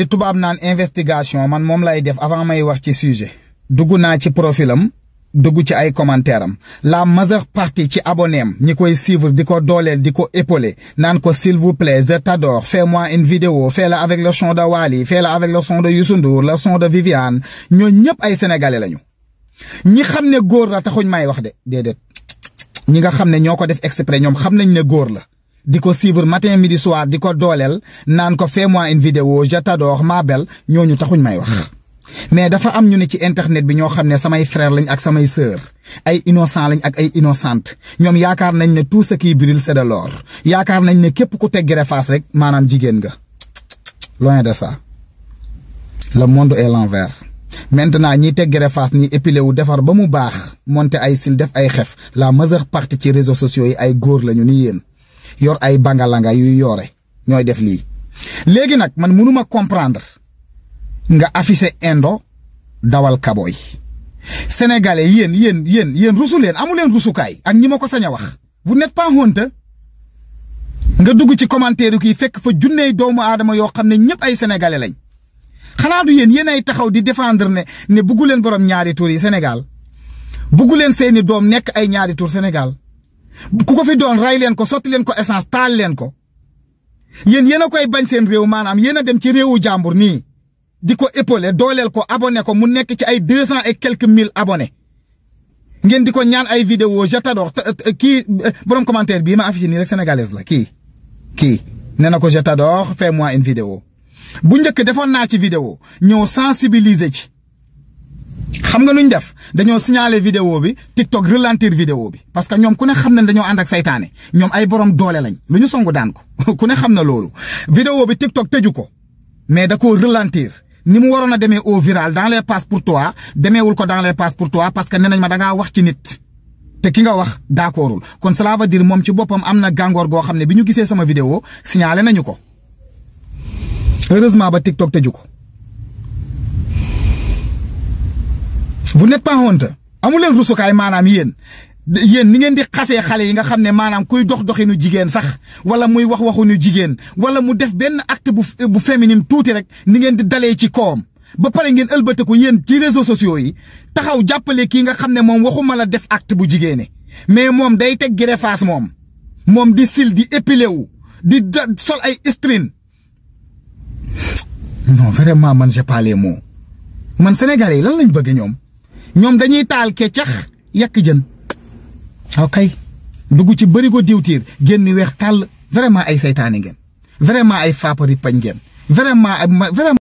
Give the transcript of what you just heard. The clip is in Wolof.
li tubab nan investigation man mom lay def avant may wax ci sujet dugg naa ci profilam dugg ci ay commentaiream. la majeure partie ci abonné ni koy suivre diko dolel, diko di ko épauler naan ko s'il vous plaît je t'adore fais-moi une vidéo fais-la avec le son de Wally fais-la avec le son de Youssou Ndour le son de Viviane ñoo ñep ay sénégalais lañu ñi xamné ne la taxuñ may wax de déedéet ñi nga xamné ñoko def exprès ñom xam nañ ne góor la di matin midi soir diko nan ko fais-moi une vidéo je ma belle taxuñ mais dafa am ñu internet bi samay frère lañ ak samay sœur innocent ak tout ce qui brille c'est de l'or yaakar nañ ne képp ku rek loin de ça le monde est l'envers maintenant ñi tégg ni épilé wu ba mu monter def la majeure partie ci réseaux sociaux ay yor ay bangalanga yu yoore ñooy def lii léegi nag man mënuma comprendre nga affiché indo dawal kaboy sénégalais yéen yéen yéen yéen rusu leen amu leen rusukaay ak ñi ma ko sañ a wax vous n'êtes pas honte nga dugg ci commentaire kii fekk fa junney doomu aadama yoo xam ne ñëpp ay sénégalais lañ xanaa du yéen yéen ay taxaw di défendre ne ne buggu leen borom ñaari tur yi senegal buggu leen seeni doom nekk ay ñaari tur Sénégal ku ko fi doon ray leen ko sotti leen ko essence taal leen ko yéen yéen a koy bañ seen réew maanaam yéen a dem ci réewu jàmbur nii di ko épaulé dooleel ko abonné ko mu nekk ci ay deux cent et quelques mille abonnés ngeen di ko ñaan ay vidéo je t'adore kii borom commentaire bii ma afisi nii rek sénégalaise la kii kii nee na ko je t'adore fais-moi une vidéo bu njëkk defoon naa ci vidéo ñëw sensibiliser ci xam nga lu ñu def dañoo signaler vidéo bi TikTok ralentir vidéo bi parce que ñoom ku ne xam nañ dañoo ànd ak saytaane ñoom ay borom doole lañ lu ñu songu daan ko ku ne xam na loolu. vidéo bi TikTok tëju ko mais da koo ralentir ni mu waroon a demee au viral dans les passe pour toi demeewul ko dans les passe pour que nee nañ ma da wax ci nit. te ki nga wax d'accordul kon cela veut dire moom ci boppam am na gàngoor goo xam ne bi ñu gisee sama vidéo signalé nañu ko heureusement ba TikTok tëju ko. bu n'êtes pas honte amu leen rusukaay maanaam yéen yéen ni ngeen di xasee xale yi nga xam ne maanaam kuy dox doxinu jigéen sax wala muy wax waxuñu jigéen wala mu def benn acte bu bu féminine tuuti rek ni ngeen di dalee ci kawam. ba pare ngeen ëlbatiku yéen ci réseaux sociaux yi taxaw jàppale kii nga xam ne moom waxuma la def acte bu jigéene mais moom day teg greffage moom moom di sil di épilé wu di sol ay string non vraiment man j'ai pas les man sénégalais yi lan lañ bëgg ñoom. ñoom dañuy taal keccax yàq jën kay dugg ci bërigo diwtiir génn weex tàll vraiment ay saytaane ngeen vraiment ay faapari pañ ngeen vraiment ay vraiment.